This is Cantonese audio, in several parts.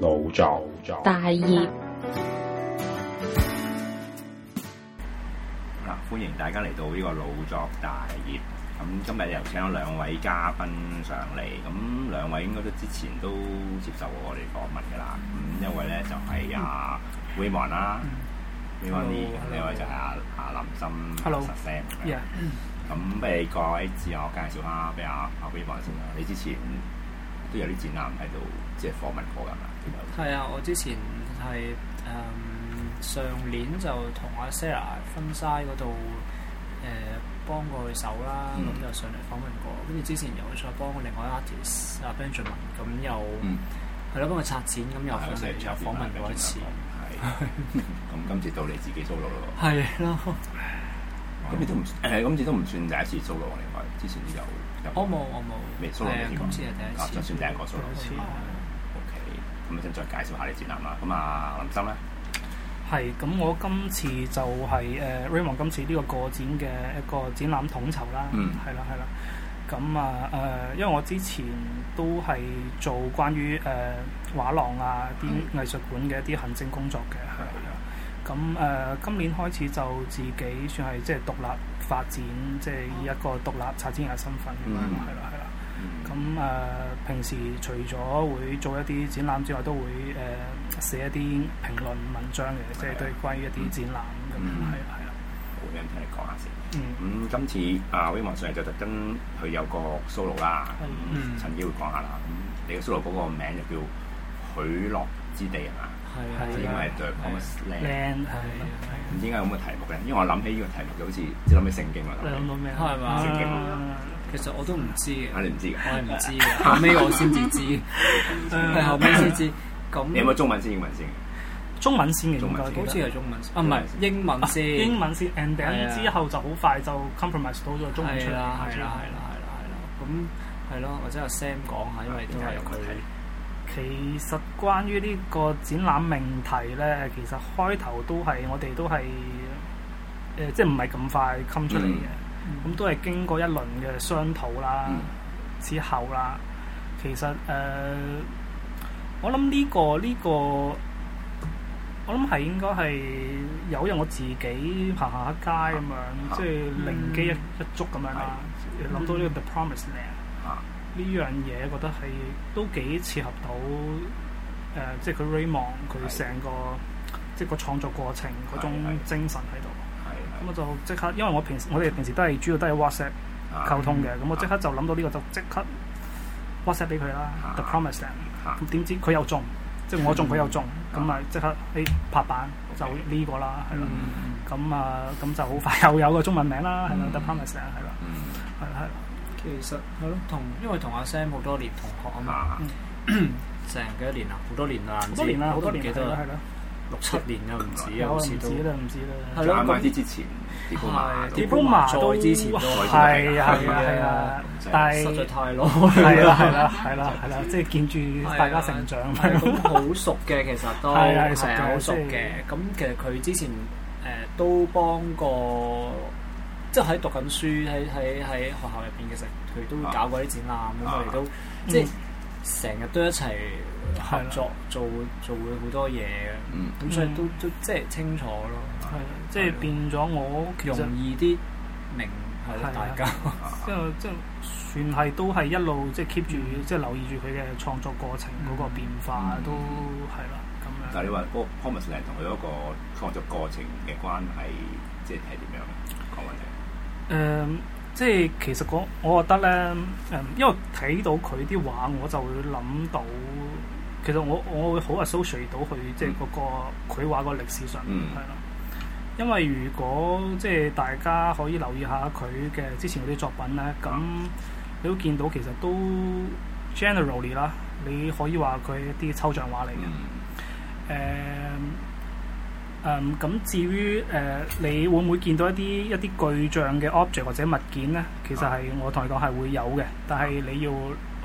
腦作，作大業，嗱，歡迎大家嚟到呢個腦作大業。咁今日又請咗兩位嘉賓上嚟，咁兩位應該都之前都接受過我哋訪問噶啦。咁、嗯、一位咧就係阿 Waymon 啦，Waymon，呢位就係阿阿林森，Hello，咁不如各位自我介紹下俾阿阿 Waymon 先啦。啊啊啊啊啊、你之前。都有啲展覽喺度，即係訪問過㗎嘛，點啊？係 啊！我之前係誒、呃、上年就同阿 Sarah 婚紗嗰度誒幫過佢手啦，咁就上嚟訪問過。跟住之前又再幫過另外一 t 阿 Benjamin，咁又係咯，嗯、幫佢拆剪，咁又。係啊！又訪問過一次。係、嗯。咁、 嗯、 今次到你自己做咯喎。係咯。咁亦都唔誒，今次都唔算第一次做咯喎，另外之前都有。我冇，我冇、嗯。未蘇羅尼講第一次。就、啊、算第一個蘇羅。O K，咁咪先再介紹下啲展覽啦。咁啊，林生咧。係，咁我今次就係誒 Raymond 今次呢個個展嘅一個展覽統籌啦、嗯。嗯。係啦，係啦。咁啊誒，因為我之前都係做關於誒、呃、畫廊啊啲藝術館嘅一啲行政工作嘅。咁誒，今年開始就自己算係即係獨立發展，即係以一個獨立策展人身份咁樣咯，係啦，係啦。咁誒，平時除咗會做一啲展覽之外，都會誒寫一啲評論文章嘅，寫對關於一啲展覽咁樣，係啦，好，聽聽你講下先。咁今次阿威 i 上日就特登去有個 solo 啦，咁陳姨會講下啦。咁你個 solo 嗰個名就叫許諾之地係嘛？係啊，因為係對，可唔可係唔知點解有咁嘅題目嘅，因為我諗起呢個題目就好似即諗起聖經啦。你諗到咩啊？聖經啊，其實我都唔知嘅。你唔知㗎？我係唔知嘅。後屘我先至知，係後屘先知。咁有冇中文先英文先？中文先嘅應該，好似係中文先。啊唔係英文先，英文先 ending 之後就好快就 compromise 到咗中文出嚟。係啦，係啦，係啦，係啦。咁係咯，或者阿 Sam 講下，因為都係佢。其實關於呢個展覽命題咧，其實開頭都係我哋都係誒，即係唔係咁快 come 出嚟嘅，咁都係經過一輪嘅商討啦，之後啦。其實誒，我諗呢個呢個，我諗係應該係有人我自己行行下街咁樣，即係靈機一一觸咁樣啦，諗到呢個 The Promise 咧。呢樣嘢覺得係都幾切合到誒，即係佢 Raymond 佢成個即係個創作過程嗰種精神喺度。係。咁我就即刻，因為我平我哋平時都係主要都係 WhatsApp 溝通嘅，咁我即刻就諗到呢個，就即刻 WhatsApp 俾佢啦。The Promise，咁點知佢又中，即係我中佢又中，咁咪即刻誒拍板就呢個啦，係啦。咁啊，咁就好快又有個中文名啦，係咪？The Promise，係啦，係啦。其實係咯，同因為同阿 Sam 好多年同學啊嘛，成幾多年啦？好多年啦，唔知好多年幾多？六七年又唔止啊，唔止啦，好似都唔知啦。再買啲之前，Diploma，Diploma 都係啊係啊，但係實在太耐，係啦係啦係啦係啦，即係見住大家成長都好熟嘅，其實都成日好熟嘅。咁其實佢之前誒都幫過。即係喺讀緊書，喺喺喺學校入邊，其實佢都會搞過啲展覽，咁我哋都即係成日都一齊合作做做好多嘢，咁、嗯、所以都、啊、都，都即係清楚咯。係、啊、即係變咗我容易啲明大家。即係即係算係都係一路即係 keep 住，即、就、係、是、留意住佢嘅創作過程嗰個變化，啊啊、都係啦咁。嗯啊、樣但係你話個 Promised Land 同佢嗰個創作過程嘅關係，即係點樣講問誒、嗯，即係其實講，我覺得咧，誒，因為睇到佢啲畫，我就會諗到，其實我我會好 associate 到佢，即係嗰、那個佢畫個歷史上面，係咯、嗯。因為如果即係大家可以留意下佢嘅之前嗰啲作品咧，咁你都見到其實都 generally 啦，你可以話佢一啲抽象畫嚟嘅，誒、嗯。嗯誒咁、嗯、至於誒、呃、你會唔會見到一啲一啲具象嘅 object 或者物件咧？其實係、uh. 我同你講係會有嘅，但係你要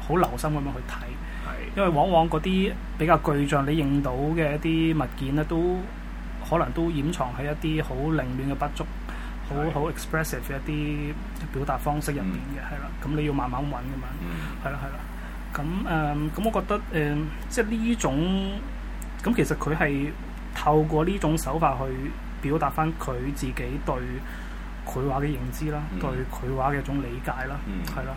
好留心咁樣去睇，uh. 因為往往嗰啲比較具象你認到嘅一啲物件咧，都可能都掩藏喺一啲好凌亂嘅筆觸，好好、uh. expressive 嘅一啲表達方式入邊嘅，係啦、uh.，咁你要慢慢揾咁樣，係啦係啦。咁誒咁，嗯、我覺得誒、呃、即係呢種咁其實佢係。透過呢種手法去表達翻佢自己對繪畫嘅認知啦，嗯、對繪畫嘅一種理解啦，係啦。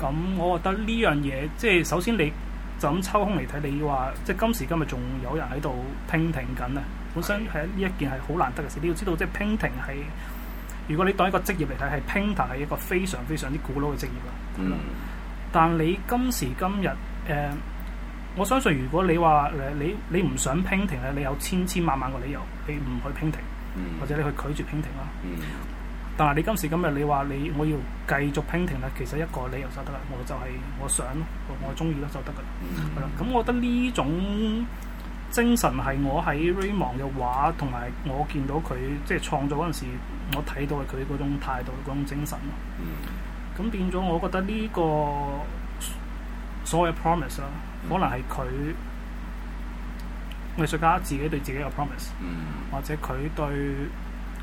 咁我覺得呢樣嘢，即、就、係、是、首先你就咁抽空嚟睇，你話即係今時今日仲有人喺度 painting 緊啊！本身係呢一件係好難得嘅事，你要知道，即係 painting 係如果你當一個職業嚟睇，係 painter 係一個非常非常之古老嘅職業啦。嗯嗯、但你今時今日誒，呃我相信，如果你話誒你你唔想 painting 咧，你有千千萬萬個理由，你唔去 painting，或者你去拒絕 painting 啦。但係你今時今日你話你我要繼續 painting 咧，其實一個理由就得啦。我就係我想，我我中意咯就得㗎啦。咁、mm. 我覺得呢種精神係我喺 Raymond 嘅畫同埋我見到佢即係創作嗰陣時，我睇到佢嗰種態度嗰種精神。咁、mm. 變咗，我覺得呢個所謂 promise 啦。可能係佢藝術家自己對自己嘅 promise、嗯、或者佢對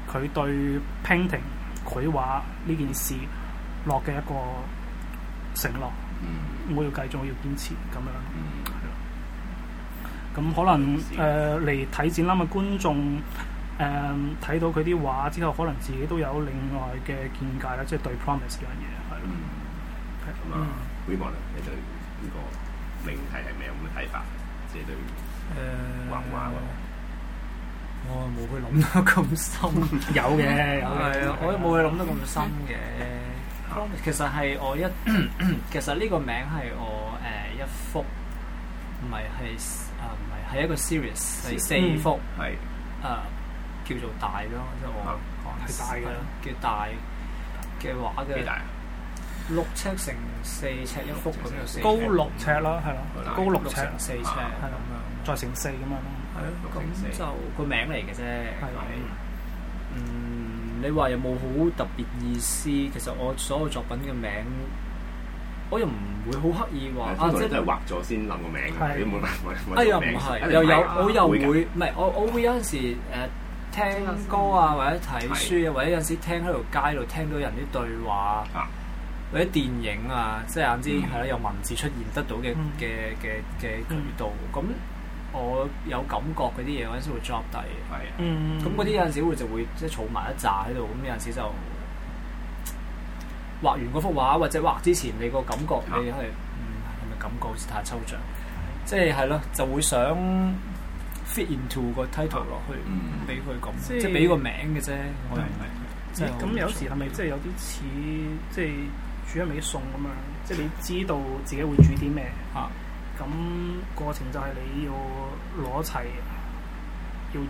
佢對 painting 繪畫呢件事落嘅一個承諾。我、嗯、要繼續，我要堅持咁樣。咁、嗯嗯、可能誒嚟睇展覽嘅觀眾誒睇到佢啲畫之後，可能自己都有另外嘅見解啦，即、就、係、是、對 promise 嗰樣嘢係咯。命題係咩？有咩睇法？即係對畫畫咯。我冇去諗得咁深。有嘅，有嘅。係啊，我都冇去諗得咁深嘅。其實係我一，其實呢個名係我誒一幅，唔係係啊，唔係係一個 series 係四幅，係啊，叫做大咯，即係我講係大嘅，叫大嘅畫嘅。六尺乘四尺一幅咁，高六尺咯，係咯，高六尺，四尺，係咁樣，再乘四咁樣。係咯，咁就個名嚟嘅啫。係嗯，你話有冇好特別意思？其實我所有作品嘅名，我又唔會好刻意話啊，即係畫咗先諗個名，你冇辦法。哎呀，唔係又有我又會唔係我我會有陣時誒聽歌啊，或者睇書啊，或者有陣時聽喺條街度聽到人啲對話啊。或者電影啊，即係啱先，係啦、like，有文字出現得到嘅嘅嘅嘅渠道。咁我有感覺嗰啲嘢，我先會 drop 低。係，咁嗰啲有陣時會就會即係儲埋一揸喺度。咁有陣時就畫完嗰幅畫或者畫之前，你個感覺你係嗯，係咪感覺好似太抽象？即係係咯，就會想 fit into 個 title 落去，俾佢咁，即係俾個名嘅啫。我係即係咁有時係咪即係有啲似即係？煮啲餸咁樣，即係你知道自己會煮啲咩？啊！咁過程就係你要攞齊，要誒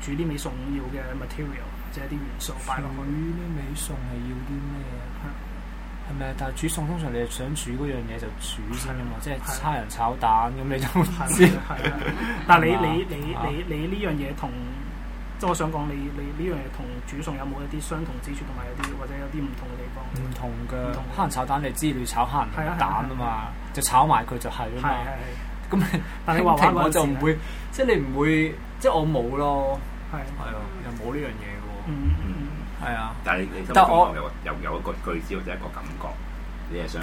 煮啲味餸要嘅 material，即係啲元素擺落去。呢味餸係要啲咩啊？係咪啊？但係煮餸通常你想煮嗰樣嘢就煮先 你啊嘛，即係叉人炒蛋咁你就知。係但係你你你你你呢樣嘢同。啊啊。即係我想講你你呢樣嘢同煮餸有冇一啲相同之處，同埋有啲或者有啲唔同嘅地方。唔同嘅，蝦仁炒蛋你之類炒蝦仁蛋啊嘛，就炒埋佢就係啊嘛咁，但係話題我就唔會，即係你唔會，即係我冇咯。係係啊，又冇呢樣嘢喎。嗯啊。但係你，但我有有一個句子或者一個感覺，你係想，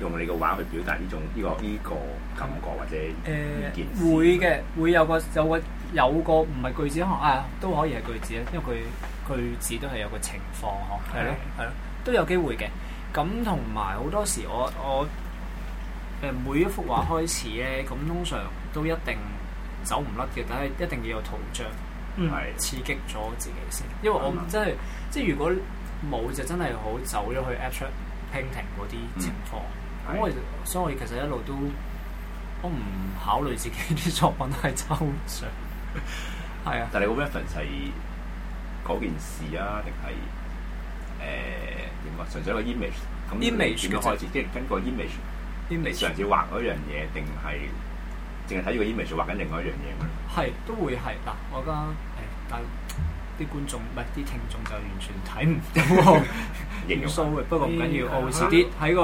用你嘅話去表達呢種呢個呢個感覺或者意見，會嘅，會有個有個有個唔係句子啊，都可以係句子咧，因為佢句子都係有個情況呵，係咯，係咯，都有機會嘅。咁同埋好多時我我誒每一幅畫開始咧，咁通常都一定走唔甩嘅，但係一定要有圖章係刺激咗自己先。因為我真係，即係如果冇就真係好走咗去 abstract painting 嗰啲情況。我所以其實一路都我唔考慮自己啲作品係抽象，係 啊。但你個 reference 係嗰件事啊，定係誒點啊？純粹一個 image 咁點樣開始？Im age 即係根據 image，Im age 你上次畫嗰樣嘢，定係淨係睇住個 image 畫緊另外一樣嘢？係都會係嗱，我覺得、欸。大哥。啲觀眾唔係啲聽眾就完全睇唔到，唔 show 嘅。不過唔緊要，我會遲啲喺個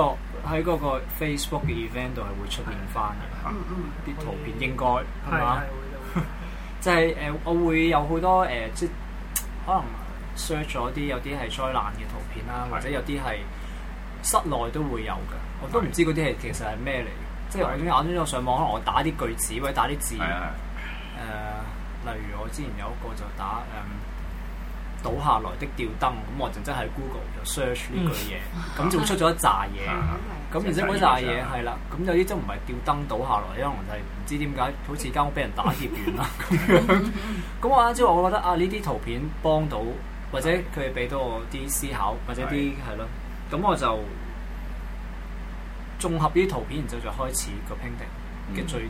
喺嗰個 Facebook 嘅 event 度係會出現翻嘅。啲圖片應該係嘛？就係誒，我會有好多誒，即係可能 search 咗啲有啲係災難嘅圖片啦，或者有啲係室內都會有㗎。我都唔知嗰啲係其實係咩嚟。即係我已經眼中上網，可能我打啲句子或者打啲字。係例如我之前有一個就打誒。倒下來的吊燈，咁我淨係真係 Google 就 search 呢句嘢，咁就會出咗一紮嘢。咁然之後一紮嘢係啦，咁有啲真唔係吊燈倒下來，因為我就係唔知點解，好似間屋俾人打劫完啦咁樣。咁我之後我覺得啊，呢啲圖片幫到或者佢哋俾到我啲思考或者啲係咯，咁我就綜合呢啲圖片，然之後就開始個 painting，嘅最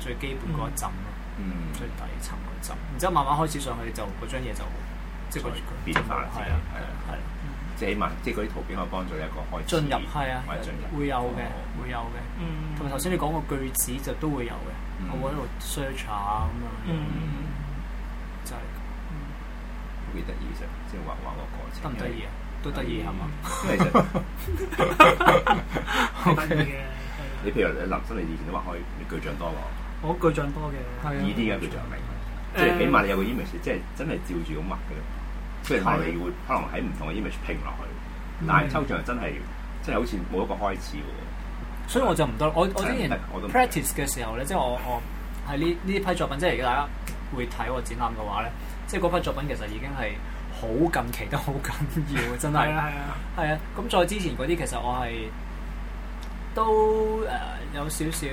最基本嗰一陣咯，最底層嗰一陣。然之後慢慢開始上去就嗰張嘢就。即係嗰個變化啦，係啊，係啊，係。即係起碼，即係嗰啲圖片可以幫助你一個開進入，係啊，開進入會有嘅，會有嘅。同埋頭先你講個句子就都會有嘅。我喺度 search 下咁樣，就係特別得意嘅，即係畫畫個過程。得唔得意啊？都得意係嘛？得意嘅。你譬如你林生，你以前都畫開巨像多喎。我巨像多嘅。呢啲嘅巨像嚟。即係起碼你有個 image，即係真係照住咁畫嘅，即係你會可能喺唔同嘅 image 拼落去。的但係抽象真係，即係好似冇一個開始嘅。的所以我就唔得，我我之前 practice 嘅時候咧，即係我我喺呢呢批作品，即係而家大家會睇我展覽嘅話咧，即係嗰批作品其實已經係好近期都好緊要真係。係啊係啊。咁的再之前嗰啲其實我係都誒、呃、有少少。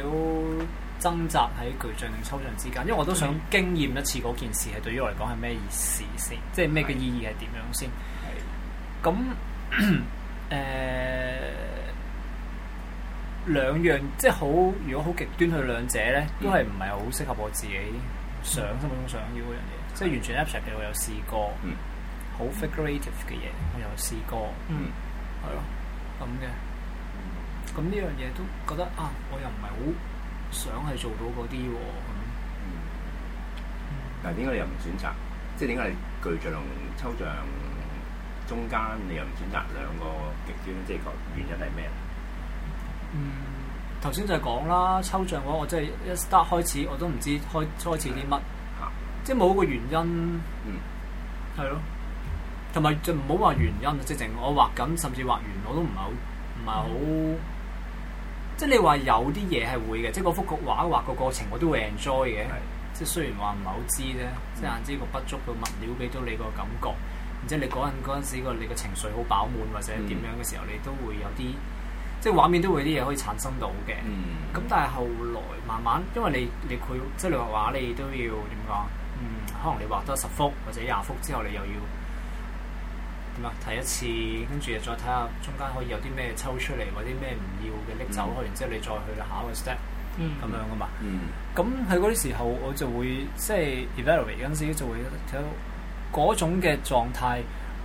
掙扎喺具象同抽象之間，因為我都想經驗一次嗰件事係對於我嚟講係咩意思先對、呃，即係咩嘅意義係點樣先。係。咁誒兩樣即係好，如果好極端去兩者咧，都係唔係好適合我自己想心目中想要嗰樣嘢。對即係完全 abstract 嘅、嗯，我有試過。好 figurative 嘅嘢，我有試過。嗯。咯了，咁嘅對。咁呢樣嘢都覺得啊，我又唔係好。想係做到嗰啲喎，嗯，但點解你又唔選擇？即點解你具象、同抽象中間，你又唔選擇兩個極端？即、係個、原因係咩？嗯，頭先就係講啦，抽象嗰個真係一 start 開始，我都唔知開開始啲乜，嚇、嗯，即冇個原因，嗯，係咯，同埋就唔好話原因，即淨我畫緊，甚至畫完，我都唔係好，唔係好。嗯即係你話有啲嘢係會嘅，即係嗰幅畫畫個過程我都會 enjoy 嘅。即係的雖然話唔係好知咧，即眼知個不足個物料俾到你個感覺，然之後你嗰陣嗰陣時個你個情緒好飽滿或者點樣嘅時候，你都會有啲即係畫面都會有啲嘢可以產生到嘅。咁、嗯、但係後來慢慢，因為你你佢即係你畫畫，你都要點講？嗯，可能你畫多十幅或者廿幅之後，你又要。睇一次，跟住再睇下中間可以有啲咩抽出嚟，或者咩唔要嘅拎走去，然、嗯、之後你再去下個 step，咁、嗯、樣噶嘛。咁喺嗰啲時候，我就會即係 evaluate 嗰陣時，就，是、時就會睇到嗰種嘅狀態，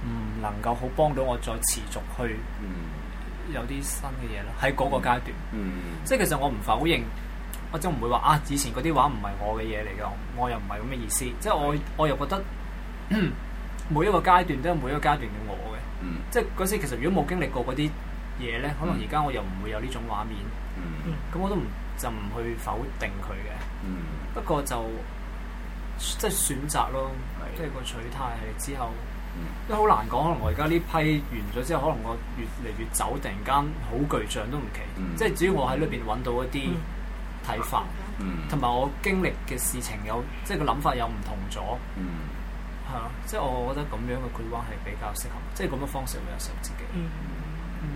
唔能夠好幫到我再持續去有啲新嘅嘢咯。喺嗰、嗯、個階段，嗯、即係其實我唔否認，我就唔會話啊，以前嗰啲畫唔係我嘅嘢嚟㗎，我又唔係咁嘅意思。即係我我又覺得。 每一個階段都有每一個階段嘅我嘅、嗯，即係嗰時其實如果冇經歷過嗰啲嘢咧，可能而家我又唔會有呢種畫面，咁、嗯、我都唔就唔去否定佢嘅。嗯、不過就即係選擇咯，是 即係個取態係之後都好、嗯、難講。可能我而家呢批完咗之後，可能我越嚟越走，突然間好具象都唔奇。嗯、即係只要我喺裏邊揾到一啲睇法，同埋、嗯嗯、我經歷嘅事情有即係個諗法有唔同咗。嗯嗯嗯。係咯，即係我覺得咁樣嘅繪畫係比較適合，即係咁嘅方式比較適合自己。嗯嗯。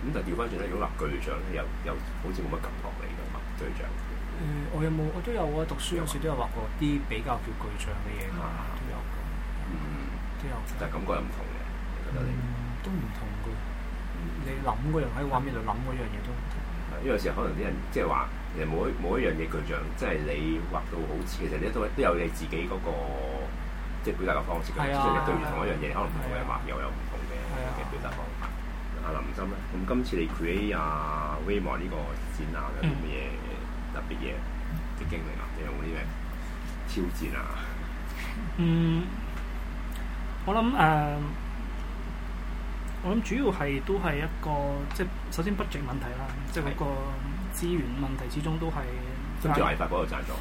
咁、嗯、但係調翻轉咧，如果立具象咧，又又好似冇乜感覺嚟㗎嘛，具象、呃。我有冇？我都有啊！讀書有時都有畫過啲比較叫具象嘅嘢啦，啊、都有。嗯、都有。嗯、但係感覺又唔同嘅，你覺得你。嗯、都唔同嘅。你諗嗰人喺畫面度諗嗰樣嘢都唔同。嗯、因為有時候可能啲人即係話。就是每，每一一樣嘢，具象即係你畫到好似，其實你都都有你自己嗰、那個即係表達嘅方式。係啊，即你對住同一樣嘢，啊、可能唔同人畫，啊、又有唔同嘅嘅表達方法。阿、啊啊、林森咧，咁今次你 create 啊、uh, Raymond 呢個展覽有啲乜嘢特別嘢嘅經歷啊？嗯、你有冇啲咩挑戰啊？嗯，我諗誒，uh, 我諗主要係都係一個即係首先 budget 問題啦，即係一個。資源問題始終都係跟住藝發嗰個贊助，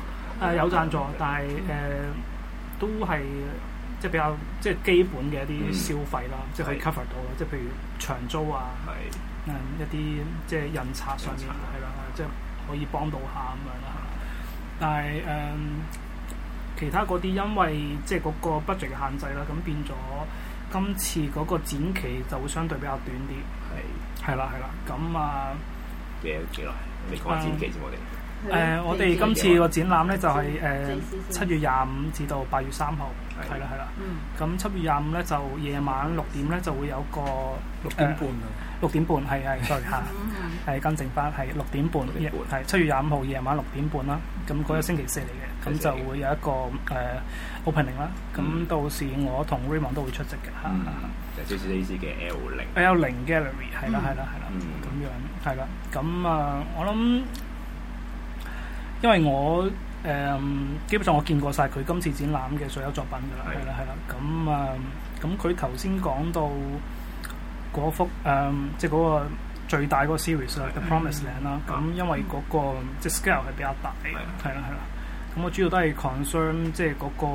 誒有贊助，但係誒都係即係比較即係基本嘅一啲消費啦，即係可以 cover 到啦。即係譬如長租啊，誒一啲即係印刷上面係啦，即係可以幫到下咁樣啦。但係誒其他嗰啲，因為即係嗰個 budget 嘅限制啦，咁變咗今次嗰個展期就會相對比較短啲。係係啦係啦，咁啊幾耐？幾展期我哋誒，我哋今次個展覽咧就係、係、誒、呃、七月廿五至到八月三號。係啦係啦。咁七月廿五咧就夜晚六點咧就會有個、嗯呃、六點半。六點半，係，係再下，係更正翻係六點半，係七月廿五號夜晚六點半啦。咁嗰個星期四嚟嘅，咁就會有一個誒 opening 啦。咁到時我同 Raymond 都會出席嘅。係，就少少啲嘅 L 零。L 零 Gallery 係啦，係啦，係啦。咁樣係啦。咁啊，我諗因為我誒基本上我見過晒佢今次展覽嘅所有作品㗎啦。係啦，係啦。咁啊，咁佢頭先講到。嗰幅誒，ика, m, 即係嗰個最大個 series 啦，嗯《The Promised Land》啦，咁因為，嗰個即係 scale 係比較大嘅，係啦係啦。咁我、啊啊啊嗯啊嗯、主要都係 concern 即係個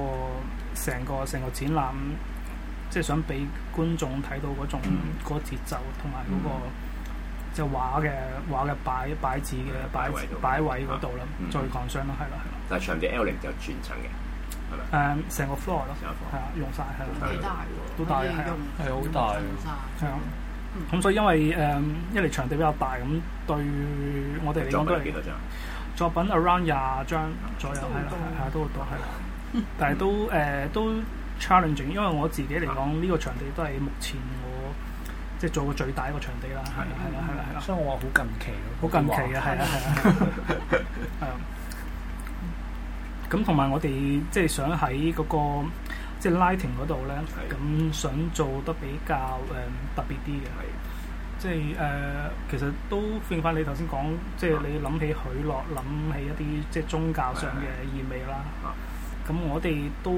成個成個展覽，即係想俾觀眾睇到嗰種嗰節奏同埋嗰個即係畫嘅畫嘅擺擺置嘅擺擺位嗰度啦，再 concern 咯，係啦係啦。但係場地 L 零就轉層嘅。誒，成個 floor 咯，係啊，用曬係啊，都大嘅，係啊，好大，係啊，咁所以因為誒，一嚟場地比較大，咁對我哋嚟講都幾多張作品 around 廿張左右，係啦，係都好多係啦，但係都誒都 challenging，因為我自己嚟講呢個場地都係目前我即係做過最大一個場地啦，係啦，係啦，係啦，所以我話好近期好近期嘅，係啊，係啊，係啊。咁同埋我哋即係想喺嗰、那個即係 lighting 嗰度咧，咁的想做得比較誒、呃、特別啲嘅，係的即係誒、呃、的其實都 fit 翻你頭先講，即係你諗起許諾，諗起一啲即係宗教上嘅意味啦。咁的我哋都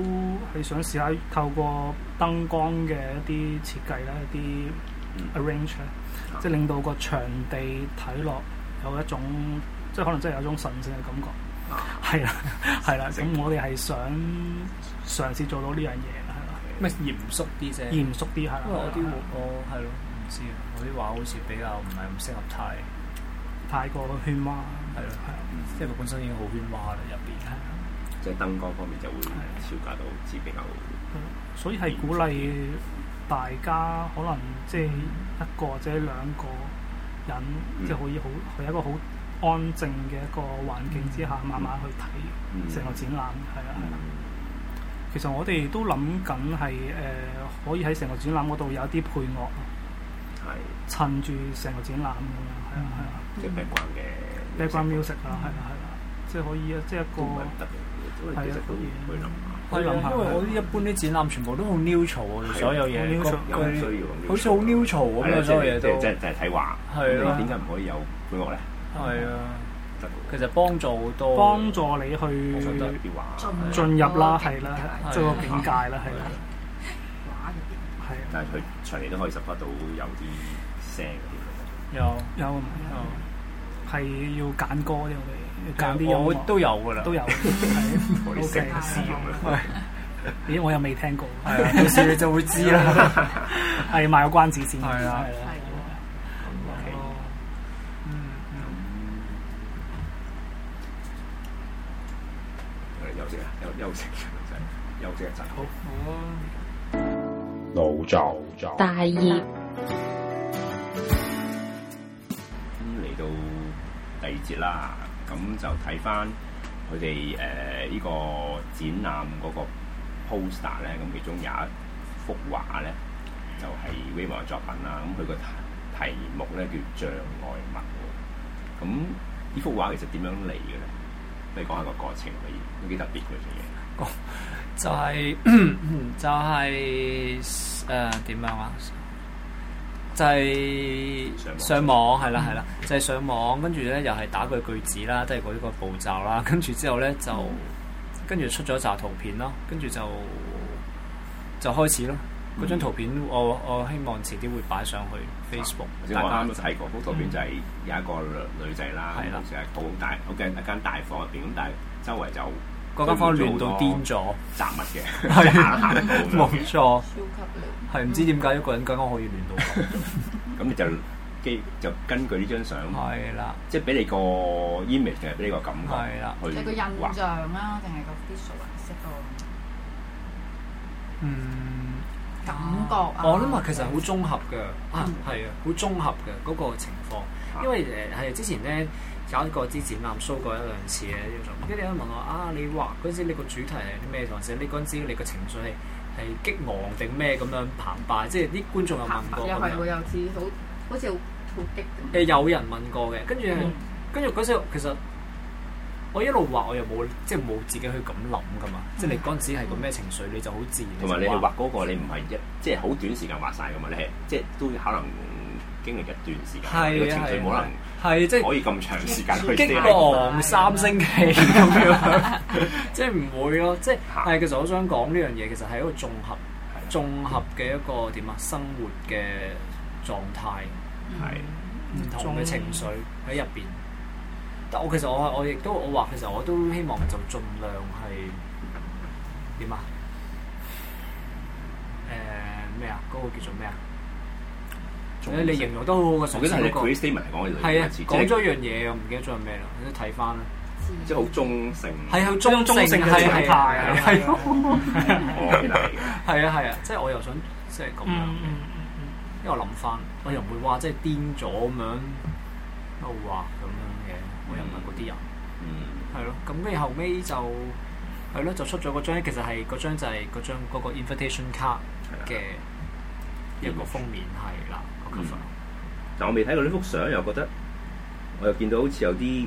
係想試下透過燈光嘅一啲設計啦，一啲 arrangement 的即係令到個場地睇落有一種即係可能真係有一種神聖嘅感覺。係啦，係啦，咁我哋係想嘗試做到呢樣嘢啦，係啦。咩嚴肅啲啫？嚴肅啲係啦，因為我啲我係咯，唔知啊，我啲畫好似比較唔係咁適合太太過喧譁。係咯，係即係佢本身已經好喧譁啦，入邊。即係燈光方面就會調校到好似比較。嗯，所以係鼓勵大家可能即係一個或者兩個人，即係可以好係一個好安靜嘅一個環境之下，慢慢去睇成個展覽，係啊係啊。其實我哋都諗緊係誒，可以喺成個展覽嗰度有一啲配樂，係襯住成個展覽咁樣，係啊係啊。即 background 嘅 background music 啦，係啦係啦，即係可以即係一個。都唔嘅，都係幾多嘢。可以諗下，因為我一般啲展覽全部都好 neutral 啊，所有嘢。好 n 需要？好 neutral 啊嘛，所有嘢即係即係睇畫。係啊。點解唔可以有配樂咧？係啊，其實幫助好多，幫助你去進入啦，係啦，進入境界啦，係啦。畫入但係佢長年都可以拾翻到有啲聲啲。有有有，係要揀歌嘅，揀啲有都有㗎啦，都有。唔咦？我又未聽過。係到時你就會知啦。係賣個關子先。係啊。有隻仔，好啊！腦作大業咁嚟到第二節啦，咁就睇翻佢哋誒呢個展覽嗰個 poster 咧，咁其中有一幅畫咧就係 Vivo 嘅作品啦，咁佢個題目咧叫障礙物，咁呢幅畫其實點樣嚟嘅咧？你講下個過程可以，嗯、有幾特別佢嘅就係就係誒點樣啊？就係上網，係啦，係啦，就係上網跟住咧又係打句句子啦，都係嗰啲個步驟啦。跟住之後咧就跟住出咗集圖片咯，跟住就就開始咯。嗰張圖片我我希望遲啲會擺上去 Facebook。我啱睇過，嗰圖片就係有一個女仔啦，成日好大，好喺一間大房入邊咁，但係周圍就～嗰間房亂到癲咗，雜物嘅，行行得到嘅，冇錯，超級亂，係唔知點解一個人間屋可以亂到咁，你就基就根據呢張相，係啦，即係俾你個 image 係俾你個感覺，係啦，即係個印象啊，定係個 visual 顏色咯，嗯，感覺啊，我諗啊，其實好綜合嘅啊，係啊，好綜合嘅嗰個情況，因為誒係之前咧。搞過啲展覽 show 過一兩次嘅，跟住咧，問我啊，你畫嗰陣時你個主題係啲咩，或者你嗰陣時你個情緒係係激昂定咩咁樣澎湃？即係啲觀眾又問過。澎湃又係喎，又好好似好激。誒有人問過嘅，跟住跟住嗰時其實我一路畫我又冇即係冇自己去咁諗噶嘛。嗯、即係你嗰陣時係個咩情緒，你就好自然。同埋你去畫嗰個你，你唔係一即係好短時間畫晒噶嘛？你係即係都可能經歷一段時間，個對情緒冇可能。係，即係可以咁長時間去經過三星期咁樣，嗯，即係唔會咯。即係、啊，係其實我想講呢樣嘢，其實係一個綜合、啊、綜合嘅一個點啊，生活嘅狀態係唔、嗯、同嘅情緒喺入邊。嗯、但我其實我我亦都我話其實我都希望就盡量係點啊？誒、呃、咩啊？嗰、嗰個叫做咩啊？你形容都好好嘅，我覺得佢啲 statement 嚟講係兩字，講咗一樣嘢，我唔記得咗係咩啦，等睇翻啦。即係好中性，係好中中性嘅態態，係啊係啊，即係我又想即係咁，因為我諗翻，我又唔會話即係癲咗咁樣嬲話咁樣嘅，我又唔係嗰啲人， 嗯，係咯、嗯，咁跟住後尾就係咯、啊，就出咗個張，其實係嗰張就係嗰張嗰、嗰個 invitation card 嘅一個封面係啦。但我未睇過呢幅相，又覺得我又見到好似有啲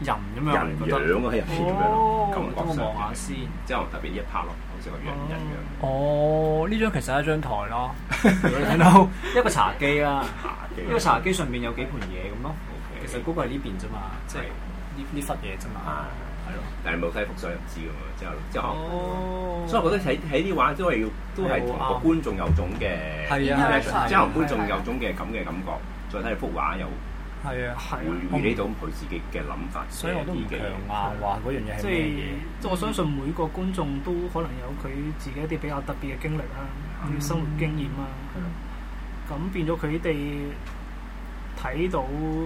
人咁樣，人樣喺入邊咁樣咯。咁我望下先，即係特別呢一拍咯，好似個人人樣。哦，呢張其實係一張台咯，你睇到一個茶几啦，因為茶幾上面有幾盤嘢咁咯。其實嗰個係呢邊啫嘛，即係呢呢忽嘢啫嘛。係咯，但係冇睇幅相又唔知噶嘛，即係即係，oh. 所以我覺得睇睇啲畫都係要，都係同個觀眾有種嘅，即係、oh. oh. 觀眾有種嘅咁嘅感覺，Yeah. 再睇幅畫又係啊，係唔呢種佢自己嘅諗法，Yeah. 所以我都唔強硬話嗰樣嘢係咩，即係我相信每個觀眾都可能有佢自己一啲比較特別嘅經歷啦，mm hmm. 生活經驗啦，係咯、mm，咁、hmm. 變咗佢哋睇到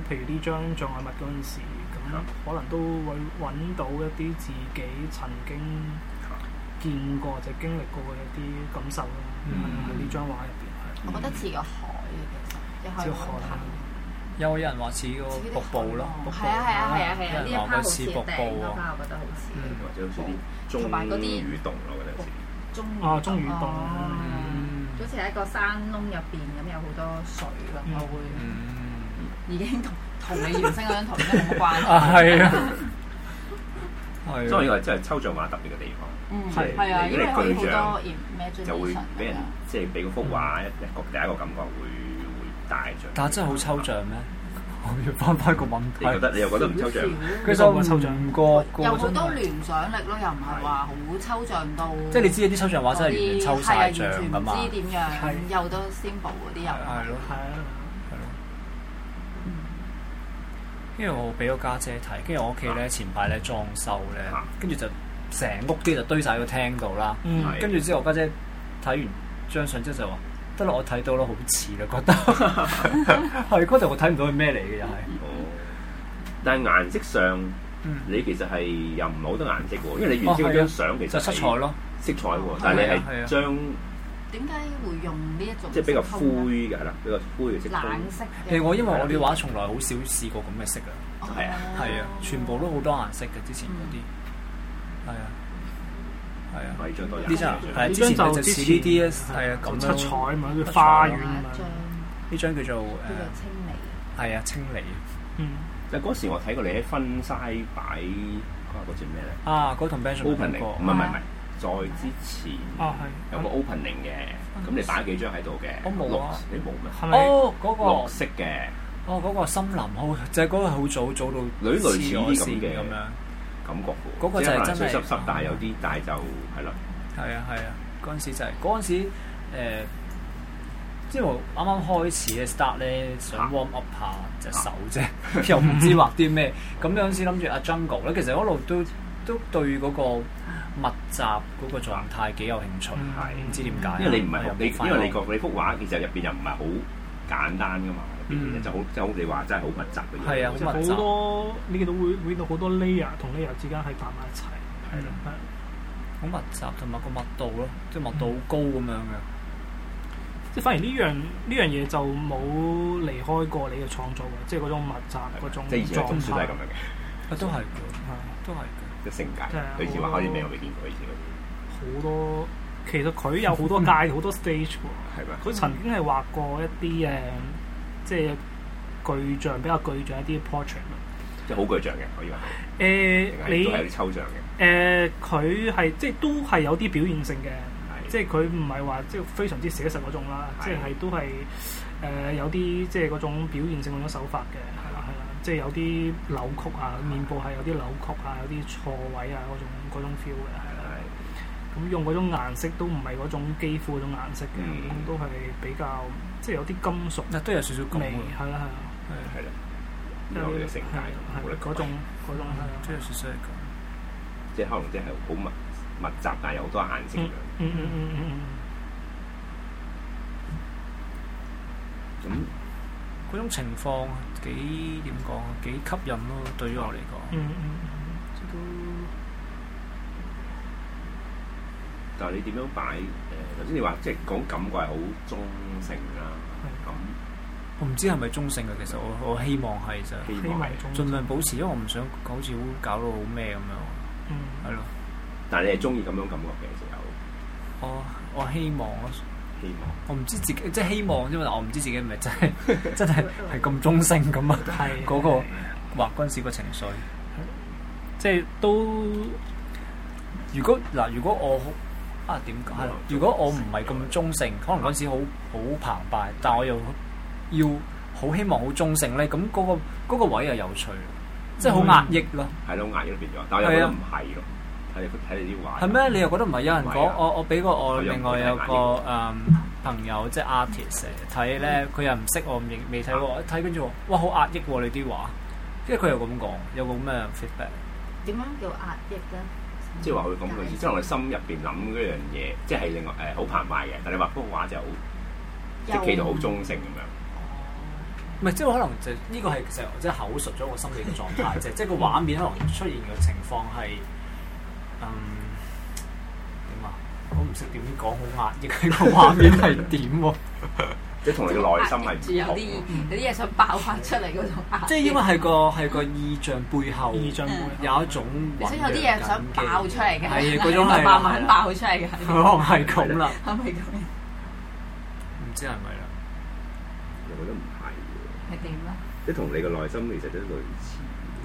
譬如呢張障礙《障礙物》嗰陣時。咁可能都會揾到一啲自己曾經見過或者經歷過嘅一啲感受咯，喺呢張畫入邊。我覺得似個海嘅，又可有人話似個瀑布咯，係啊，係啊，係啊，係啊，啲岩石瀑布啊。或者好似啲鐘乳洞，我覺得似。啊鐘乳洞，好似喺個山窿入邊咁，有好多水咁，我會已經同。同你元昇嗰張圖有冇關係啊？係啊，係，所以呢個即係抽象畫特別嘅地方。嗯，係啊，因為佢好多咩最特別。就會俾人即係俾幅畫一一第一個感覺會會帶著。但係真係好抽象咩？我要翻返一個問題。你覺得你又覺得唔抽象？佢嗰個抽象過過有好多聯想力咯，又唔係話好抽象到。即係你知啲抽象畫真係完全抽象咁啊嘛？點樣有得 simple 嗰啲又係咯，係咯。因為我俾咗家姐睇，跟住我屋企咧前排咧裝修咧，跟住就成屋啲就堆晒喺個廳度啦。跟住之後，我家姐睇完張相之後就話：得、嗯、啦，的我睇到咯，好似啦，覺得係嗰度我睇唔到係咩嚟嘅又係。哦，但係顏色上，嗯、你其實係又唔係好多顏色喎，因為你原先嗰張相其實色彩咯，色彩喎，但係你係將。點解會用呢一種？即係比較灰嘅，係啦，比較灰嘅色。冷色。誒，我因為我啲畫從來好少試過咁嘅色啊，係啊，係啊，全部都好多顏色嘅之前嗰啲。係啊，係啊。米著多啲色。係，呢張就似呢啲啊，係啊，咁七彩嘛，花園呢張叫做誒。叫做清理係啊，清理。嗯。就嗰時我睇過你喺婚紗擺嗰個咩啊，嗰桶 Benjamin opening。唔係唔係唔係。再之前有個 opening 嘅，咁你打幾張喺度嘅？我冇啊，你冇咩？哦，嗰個綠色嘅，哦嗰個森林好，就係嗰個好早早到類似咁樣感覺嘅喎。嗰個就係真係濕濕，但係有啲，大，就係啦。係啊係啊，嗰陣時就係嗰陣時誒，即係啱啱開始嘅 start 咧，想 warm up 下隻手啫，又唔知畫啲咩，咁有陣時諗住阿 Jungle 咧，其實一路都都對嗰個密集嗰個狀態幾有興趣，唔知點解？因為你唔係你，因為你個你幅畫其實入邊又唔係好簡單噶嘛，入邊就好就好，似話真係好密集嘅嘢，即好多你見到會會見到好多 layer 同 layer 之間係搭埋一齊，係咯，好密集同埋個密度咯，即係密度好高咁樣嘅，即係反而呢樣呢樣嘢就冇離開過你嘅創作即係嗰種密集嗰種狀態都係咁樣嘅，都係嘅，都係嘅性格，以前畫開啲咩我未見過以前嗰啲。好多，其實佢有好多界，好 多 stage 喎嗎。佢曾經係畫過一啲誒、呃，即係具象比較具象一啲 portrait 即係好具象嘅可以話。誒、呃，你都係有啲抽象嘅。誒、呃，佢係即係都係有啲表現性嘅的，即係佢唔係話即係非常之寫實嗰種啦的、呃，即係都係誒有啲即係嗰種表現性嗰種手法嘅。即係有啲扭曲啊，面部係有啲扭曲啊，有啲錯位啊嗰種 feel 嘅，係啦，咁、 嗯、用嗰種顏色都唔係嗰種肌膚嗰種顏色嘅，嗯、都係比較即係有啲金屬，都、啊、有少少金，係啦係啦，係係啦，有啲係係嗰種嗰種係，即係少少金，即係可能即係好密密集，啊，有好多顏色嘅，嗯嗯嗯嗯嗯，咁、嗯。嗯嗯嗯嗰種情況幾點講？幾吸引咯，對於我嚟講。嗯嗯嗯，都。但係你點樣擺？誒，頭先你話即係講感覺係好中性啦。係。咁，我唔知係咪中性嘅，其實我我希望係就，希望儘量保持，因為我唔想好似會搞到好咩咁樣。嗯。係咯。但係你係中意咁樣感覺嘅時候。我我希望我。我唔知自己即係希望啫嘛，嗱我唔知自己係咪真係真係係咁中性咁啊，嗰個話嗰時個情緒，即係都如果嗱如果我啊，點解？係如果我唔係咁中性，可能嗰時好好澎湃，但我又要好希望好中性咧，咁嗰個嗰個位又有趣，即係好壓抑咯。係咯，壓抑變咗，但係我覺得唔係咯。係咩？你又覺得唔係有人講、啊、我？我俾過我另外有個誒朋友，即係 artist 睇咧，佢、嗯、又唔識我，唔認未睇過。睇跟住話：哇，好壓抑喎、啊！你啲畫，即係佢又咁講，有冇咩 feedback？點樣叫壓抑咧抑？即係話佢咁嘅意思，即係我心入邊諗嗰樣嘢，即係另外誒好澎湃嘅。但你話幅畫就好，即係企到好中性咁樣。唔係，即係可能就呢個係其實即係口述咗我心理嘅狀態啫。即係 個畫面可能出現嘅情況係。點啊、um？我唔識點講，好壓抑。個 畫面係點喎？ 即係同你嘅內心係。有啲有啲嘢想爆發出嚟嗰種。即係因為係個係、嗯、個意象背後，意象背後，有一種你想有啲嘢想爆出嚟嘅，係嗰對種係慢慢爆出嚟嘅，可能係咁啦。係咪咁？唔知係咪啦？我覺得唔係嘅。係點啊？即同你嘅內心其實都類似。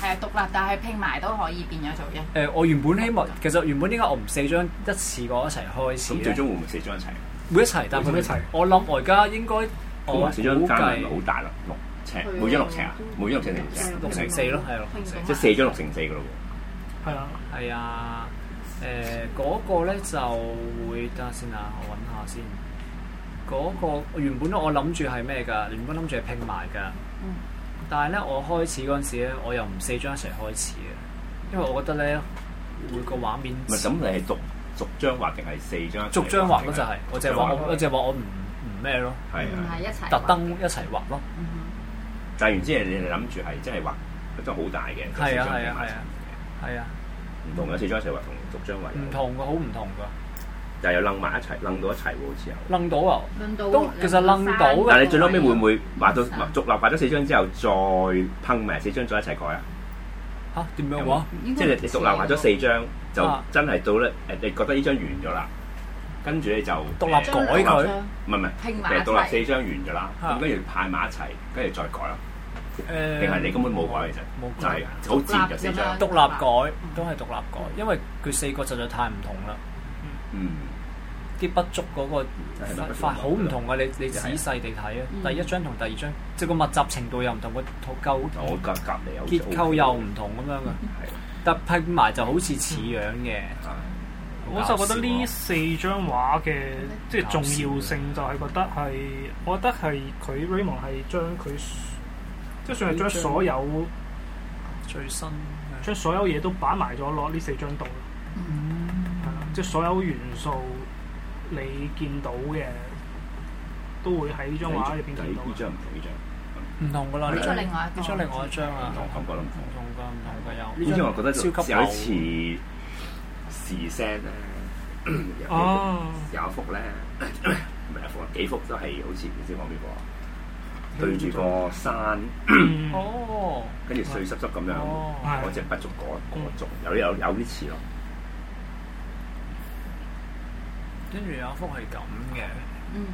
係啊，獨立但係拼埋都可以變咗做一。誒，我原本希望，其實原本應該我唔四張一次過一齊開始啊。咁最終會唔會四張一齊？會一齊，但係唔一齊。我諗我而家應該，我估計係咪好大咯？六尺，每張六尺啊？每張六尺定六尺？六乘四咯，係六乘。即係四張六乘四噶咯喎。係啊。係啊，誒嗰個咧就會等下先啊，我揾下先。嗰個原本咧，我諗住係咩㗎？原本諗住係拼埋㗎。但係咧，我開始嗰陣時咧，我又唔四張一齊開始嘅。因為我覺得咧，每個畫面唔係咁，你係逐逐張畫定係四張一逐張畫咯，就是，就係我淨係話我我淨係話我唔唔咩咯，唔係，啊啊，一齊特登一齊畫咯。但係然之後你哋諗住係即係畫，即係好大嘅，係啊係啊係啊，係啊，唔，啊啊啊啊，同嘅四張一齊畫同逐張畫唔同嘅，好唔同嘅。又又掹埋一齊，掹到一齊喎，好似又掹到啊！掹到都其實掹到嘅。但係你最後尾會唔會畫到獨立畫咗四張之後，再拼埋四張再一齊改啊？嚇點樣喎？即係你獨立畫咗四張就真係到咧誒？你覺得呢張完咗啦，跟住你就獨立改佢，唔係唔係，誒獨立四張完咗啦，咁跟住排埋一齊，跟住再改咯。誒，定係你根本冇改其實，冇改，好賤嘅思想。獨立改都係獨立改，因為佢四個實在太唔同啦。嗯。啲不足嗰、那個發好唔同嘅，你你仔細地睇啊！嗯、第一張同第二張，即係個密集程度又唔同，個圖構結構又唔同咁樣嘅。嗯、但拼埋就好似似樣嘅。嗯、 我就覺得呢四張畫嘅 即係重要性，就係覺得係。 我覺得係佢 Raymond 係將佢即係算係將所有最新將所有嘢都擺埋咗落呢四張度啦。係啦、嗯，嗯、即係所有元素。你見到嘅都會喺呢張畫入邊見到。唔同呢張唔同呢張，唔同噶啦。出另外一張。出另外一張啊！唔同感噶，唔同呢有。張我覺得就有一次時聲咧，有一幅咧，唔係一幅，幾幅都係好似唔知講邊個對住個山。哦。跟住碎濕濕咁樣，嗰隻筆觸嗰嗰種有有有啲似咯。跟住有幅係咁嘅，嗯，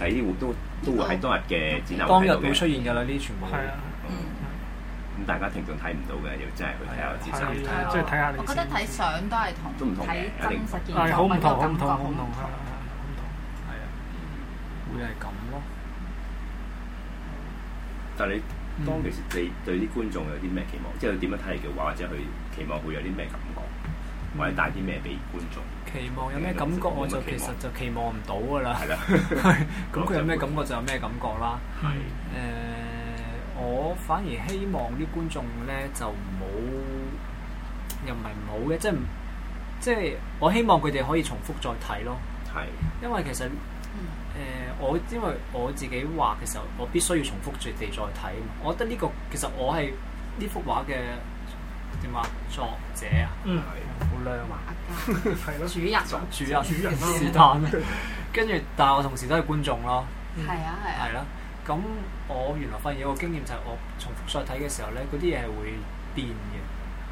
睇啲會都都會喺當日嘅展覽會度，當日會出現㗎啦，呢啲全部係啊，嗯。咁大家聽眾睇唔到嘅，要真係去睇下嘅展覽。係啊，即係睇下。我覺得睇相都係同睇真實見到嘅感覺好唔同，好唔同，好唔同啊！好唔同，係啊，會係咁咯。但係你當其時對對啲觀眾有啲咩期望？即係點樣睇嘅話，或者佢期望會有啲咩感覺？或者帶啲咩俾觀眾，嗯？期望有咩感覺，我就其實就期望唔到㗎啦。係啦了。咁佢 有咩感覺就有咩感覺啦。係、嗯。誒的、呃，我反而希望啲觀眾咧就唔好，又唔係唔好嘅，即係即係我希望佢哋可以重複再睇咯。係的。因為其實誒、呃，我因為我自己畫嘅時候，我必須要重複住地再睇。我覺得呢、這個其實我係呢幅畫嘅。點啊？作者啊？嗯，係好靚畫家，係咯，主人，主人，主人是但。跟住，但係我同時都係觀眾咯。係啊，係。係啦，咁我原來發現有個經驗就係，我重複再睇嘅時候咧，嗰啲嘢係會變嘅。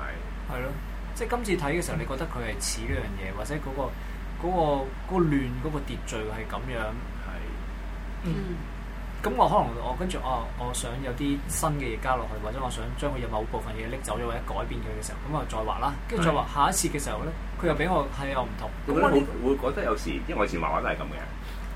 係。係咯，即係今次睇嘅時候，你覺得佢係似嗰樣嘢，或者嗰個嗰個嗰個亂嗰個秩序係咁樣係。嗯。咁我可能我跟住我、啊、我想有啲新嘅嘢加落去，或者我想將佢有某部分嘢拎走咗，或者改變佢嘅時候，咁我再畫啦，跟住再畫是的 下一次嘅時候咧，佢又俾我係又唔同。咁我會覺得有時，因為我以前畫畫都係咁嘅，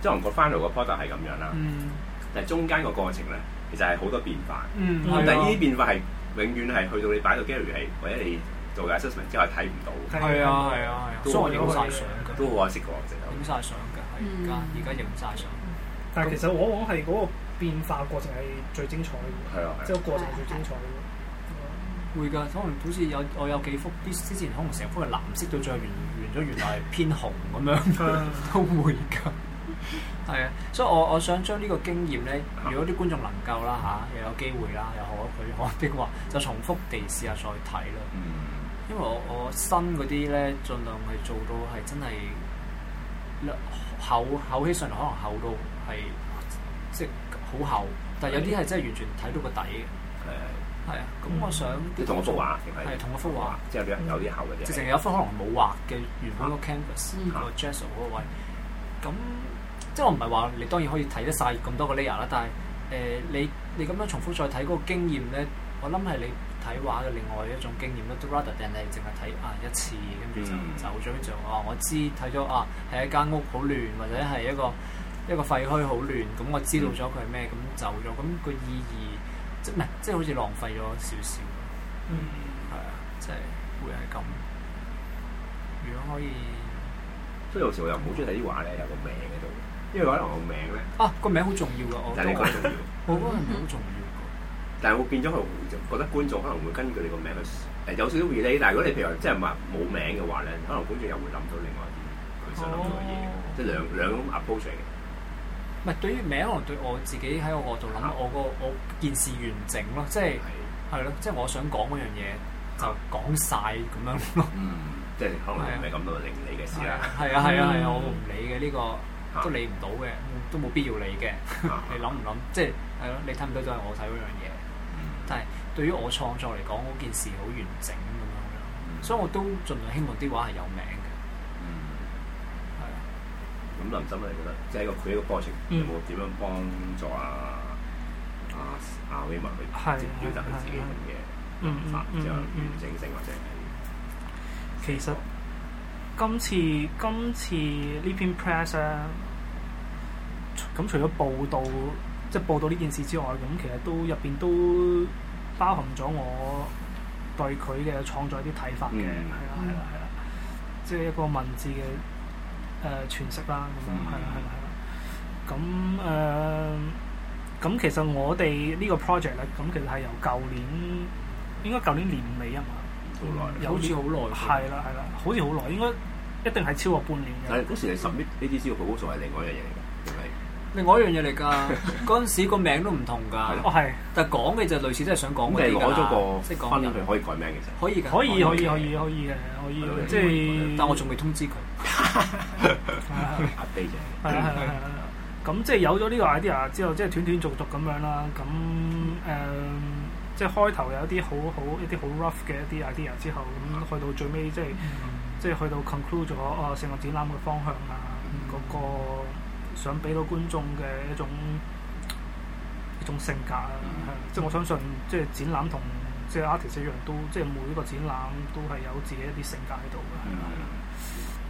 即能係 final 個 product 係咁樣啦。嗯、但係中間個過程咧，其實係好多變化。嗯、但係依啲變化係永遠係去到你擺到 gallery 係或者你做嘅 assessment 之後睇唔到。係啊係啊係啊。所以我影晒相㗎。都話識講嘅。影晒相㗎，而家而家影晒相。但係其實往往係嗰個變化過程係最精彩嘅，即係個過程最精彩嘅。啊、吧會㗎，可能好似有我有幾幅啲之前可能成幅係藍色，到最後完完咗原來係偏紅咁樣， 都會㗎。係啊， 所以我我想將呢個經驗咧，如果啲觀眾能夠啦吓、啊、又有機會啦，又可佢可的話，就重複地試下再睇咯。嗯、因為我我新嗰啲咧，儘量係做到係真係厚厚起上嚟可能厚到。係即係好厚，但係有啲係真係完全睇到個底嘅。係啊、嗯，咁我想你同，同一幅畫，係同一幅畫兩樣，啊，即係有啲厚嘅啫。即係成日有幅可能冇畫嘅原本個 canvas 個 gesso 嗰個位，咁即係我唔係話你當然可以睇得晒咁多個 layer 啦。但係誒、呃，你你咁樣重複再睇嗰個經驗咧，我諗係你睇畫嘅另外一種經驗啦。Rather 定係淨係睇啊一次，跟住就走咗，跟住、嗯啊、我知睇咗啊係一間屋好亂，或者係一個。一個廢墟好亂，咁我知道咗佢係咩，咁走咗，咁個意義即係唔係即係好似浪費咗少少。嗯，係啊，即係會係咁。如果可以，所以有時我又唔好中意睇啲畫咧，有個名喺度，因為可能個名咧。哦，個名好重要㗎，我。但係你覺得重要？我覺得唔係好重要。但係會變咗佢，覺得觀眾可能會根據你個名，去，有少少 relate。但係如果你譬如話即係話冇名嘅話咧，可能觀眾又會諗到另外一啲佢想諗到嘅嘢，即係兩兩種 approach 唔係對於名，可能對我自己喺我個度諗、啊，我個我件事完整咯，即係係咯，即係我想講嗰樣嘢就講晒，咁樣咯。嗯，即係可能係咁多你唔理嘅事啦、啊。係啊係啊係啊,啊,啊，我唔理嘅呢、這個都理唔到嘅，都冇必要理嘅、啊。 你諗唔諗？即係係咯，你睇唔睇到係我睇嗰樣嘢。但係對於我創作嚟講，件事好、嗯、完整咁樣所以我都盡量希望啲畫係有名嘅。咁林森你覺得即係一個佢一個過程，有冇點樣幫助啊？阿阿 Wee Man 去表達佢自己嘅嗯，嗯，嗯，嗯，法，之後完整性或者係其實今次今次呢篇 press 咧、啊，咁除咗報導即係、就是、報導呢件事之外，咁其實都入邊都包含咗我對佢嘅創作一啲睇法嘅，係啦係啦係啦，即係一個文字嘅。誒詮釋啦，咁樣，係啦係啦係啦，咁誒咁其實我哋呢個 project 咧，咁其實係由舊年應該舊年年尾啊嘛，好耐，好似好耐，係啦係啦，好似好耐，應該一定係超過半年嘅。但係嗰時你十 bit 呢啲資料好仲係另外一樣嘢。嗯另外一樣嘢嚟㗎，嗰陣時個名都唔同㗎，哦，係，但係講嘅就類似，即係想講嗰啲㗎。我改咗個翻嚟，佢可以改名其實。可以嘅，可以，可以，可以，可以嘅，可以。即係，但我仲未通知佢。壓地嘅。係係係係。咁即係有咗呢個 idea 之後，即係斷斷續續咁樣啦。咁誒，即係開頭有一啲好好一啲好 rough 嘅一啲 idea 之後，咁去到最尾即係即係去到 conclude 咗啊，成個展覽嘅方向啊，嗰想俾到觀眾嘅一種一種性格啊，即係、嗯、我相信，即係展覽同即係 artist 一樣，都即係每一個展覽都係有自己一啲性格喺度嘅。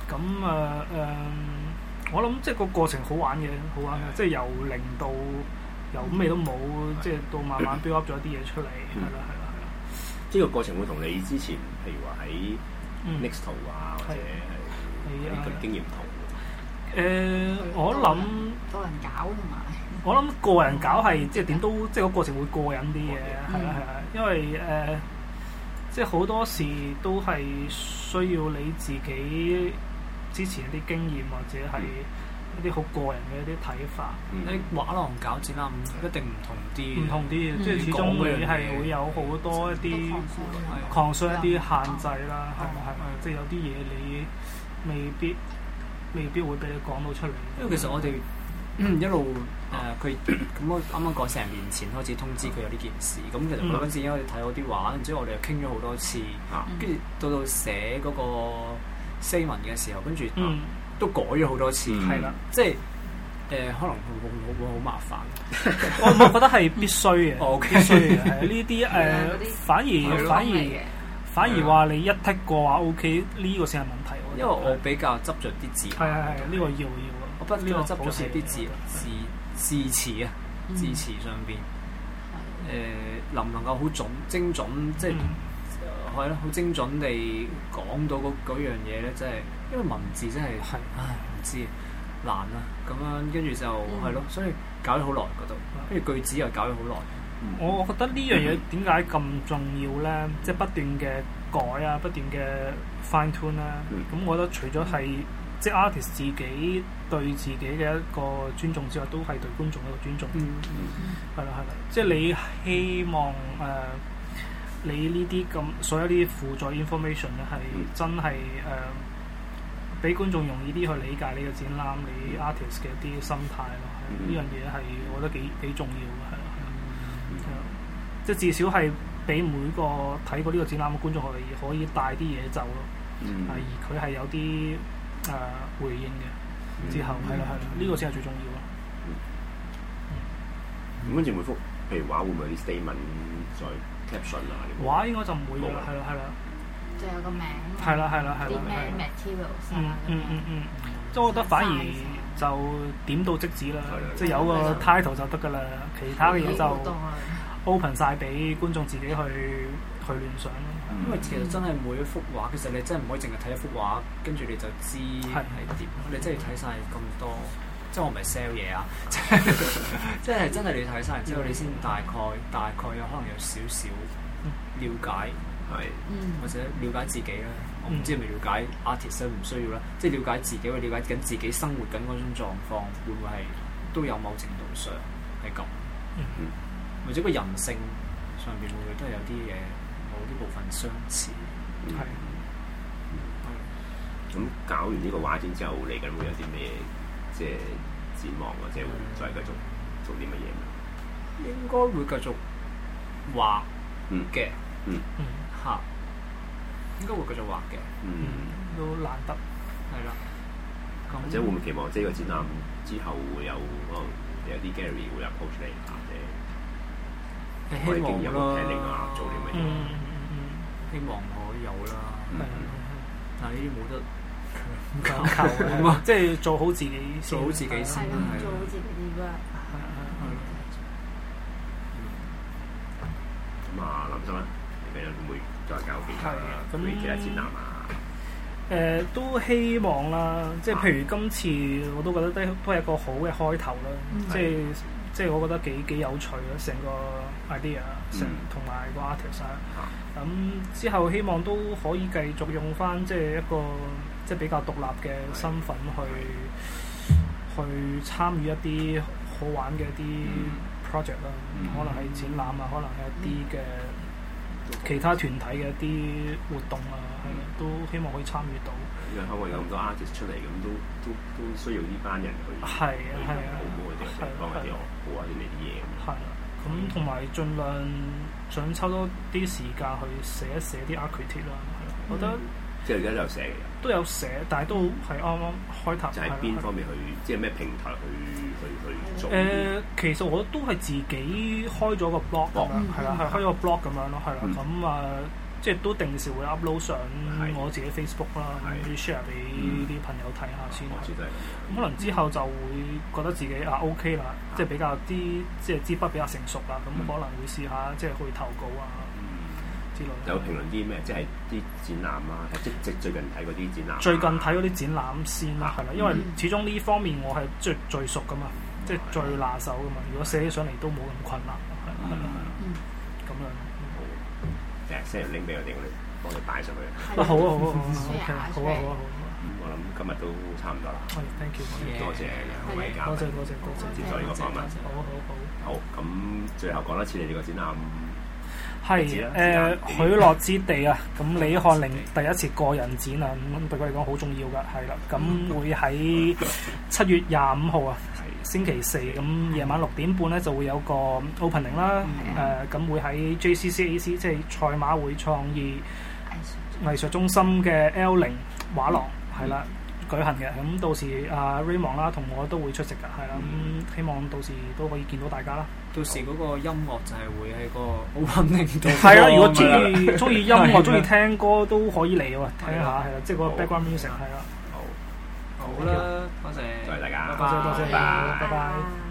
咁啊誒我諗即係個過程好玩嘅，好玩嘅，的即係由零到由咩都冇，嗯、即係到慢慢 build up 咗一啲嘢出嚟，係啦、嗯，係啦，係啦。即係個過程會同你之前，譬如話，喺 Next 啊，或者係呢個經驗唔同。誒、呃，我諗多人搞同埋，我諗個人搞係即係點都即係個過程會過癮啲嘅，係啊係啊，因為誒，即係好多事都係需要你自己之前一啲經驗或者係一啲好個人嘅一啲睇法，啲畫廊搞展唔一定唔同啲，唔同啲即係始終你係會有好多一啲，係抗衰一啲限制啦，係咪即係有啲嘢你未必。未必會俾你講到出嚟。因為其實我哋一路誒佢，咁我啱啱講成年前開始通知佢有呢件事，咁其實嗰陣時因為睇我啲畫，然之後我哋又傾咗好多次，跟住到到寫嗰個 statement 嘅時候，跟住都改咗好多次，係啦，即係誒可能會會會好麻煩。我我覺得係必須嘅，必須嘅呢啲誒，反而反而反而話你一剔過話 OK，呢個先係問題。因為我比較執着啲字，係係係，呢個要要。我不呢個執著係啲字字字詞啊，字詞上邊，誒能唔能夠好準精準，即係係咯，好精準地講到嗰樣嘢咧，即係因為文字真係係唉唔知難啦咁樣，跟住就係咯，所以搞咗好耐嗰度，跟住句子又搞咗好耐。我覺得呢樣嘢點解咁重要咧？即係不斷嘅，改啊，不斷嘅 fine tune 啦。咁、啊嗯、我覺得除咗係即係 artist 自己對自己嘅一個尊重之外，都係對觀眾一個尊重。嗯係啦係啦，即係你希望誒、呃，你呢啲咁所有啲輔助 information 咧，係真係誒，俾觀眾容易啲去理解你嘅展覽，你 artist 嘅一啲心態咯。呢樣嘢係我覺得幾幾重要嘅，係啦。Mm hmm. uh, 即係至少係。俾每個睇過呢個展覽嘅觀眾可以可以帶啲嘢走咯，而佢係有啲誒回應嘅之後，係啦係啦，呢個先係最重要咯。嗯，咁跟住每幅譬如畫會唔會 statement 再 caption 啊？畫應該就唔會㗎啦。係啦係啦，仲有個名。係啦係啦係啦。嗯嗯嗯即係我覺得反而就點到即止啦，即係有個 title 就得㗎啦，其他嘅嘢就。open 晒俾觀眾自己去去亂想咯， 因為其實真係每一幅畫，其實你真係唔可以淨係睇一幅畫，跟住你就知係點。的你真係睇晒咁多， 即係我唔係 sell 嘢啊，即 係 真係你睇晒，然之後、嗯、你先大概大概有可能有少少了解，係、嗯、或者了解自己啦。我唔知係咪瞭解 artist 唔需要啦，嗯、即係了解自己會了解緊自己生活緊嗰種狀況，會唔會係都有某程度上係咁？ 或者個人性上邊會唔會真係有啲嘢，某啲部分相似。係。咁搞完呢個畫展之後，嚟緊會有啲咩即係展望，或者會再繼續做啲乜嘢？應該會繼續畫嘅。嗯。嗯。嚇！ 應該會繼續畫嘅。嗯。都、嗯、難得。係啦、嗯。嗯、或者會唔會期望即係個展覽之後會有可能有啲 gallery 會 approach 你？希望咯，做啲乜嘢？希望我有啦。但係呢啲冇得，即係做好自己。做好自己先。做好自己先。做好自己啲嘢。係啊係咯。咁啊，諗深啦，會唔會再搞其他？會其他展覽啊？誒，都希望啦。即係譬如今次，我都覺得都都係一個好嘅開頭啦。即係。即係我覺得幾幾有趣咯，成個 idea，成同埋個 artist 咁、嗯嗯、之後希望都可以繼續用翻，即係一個即係比較獨立嘅身份去、嗯、去參與一啲好玩嘅一啲 project 啦、嗯。可能係展覽啊，嗯、可能係一啲嘅其他團體嘅一啲活動啊，係、嗯、都希望可以參與到。因為可能有咁多 artist 出嚟，咁都都都需要呢班人去。係啊，係啊。係咯，又學下呢啲嘢。係啦，咁同埋盡量想抽多啲時間去寫一寫啲 article 啦。我覺得、嗯、的即係而家都有寫嘅。都有寫，但係都係啱啱開頭。就係邊方面去？的即係咩平台去？去去，去做？誒、呃，其實我都係自己開咗個 blog 咁、嗯嗯、樣，係啦，係開咗個 blog 咁樣咯，係啦，咁啊、嗯。即係都定時會 upload 上我自己 Facebook 啦，咁 share 俾啲朋友睇下先。咁可能之後就會覺得自己啊 OK 啦，即係比較啲即係支筆比較成熟啦，咁可能會試下即係去投稿啊之類。有評論啲咩？即係啲展覽啊，即即最近睇嗰啲展覽。最近睇嗰啲展覽先啦，係啦，因為始終呢方面我係最最熟噶嘛，即係最拿手噶嘛。如果寫起上嚟都冇咁困難，係啦。即係拎俾我哋，我哋幫佢擺上去。啊， 好啊，好啊，好啊，OK，好啊，好啊，咁、啊、 我諗今日都差唔多啦。 多謝，唔該曬。多謝，多謝，多謝，多謝。好，好。咁最後講一次，你哋個展覽係誒許諾之地啊。咁李漢凌第一次個人展覽啊，咁對佢嚟講好重要㗎。係啦，咁會喺七月廿五號啊。星期四咁夜晚六點半咧就會有個 opening 啦，誒咁會喺 JCCAC 即係賽馬會創意藝術中心嘅 L 零畫廊，係啦，舉行嘅，咁到時阿 Raymond 啦同我都會出席㗎，係啦，咁希望到時都可以見到大家啦。到時嗰個音樂就係會喺個 opening 度係啦！如果中意中意音樂、中意聽歌都可以嚟喎，聽下係啦，即係個 background music 係啦。好啦，多謝，再見大家，多謝，多謝，拜拜。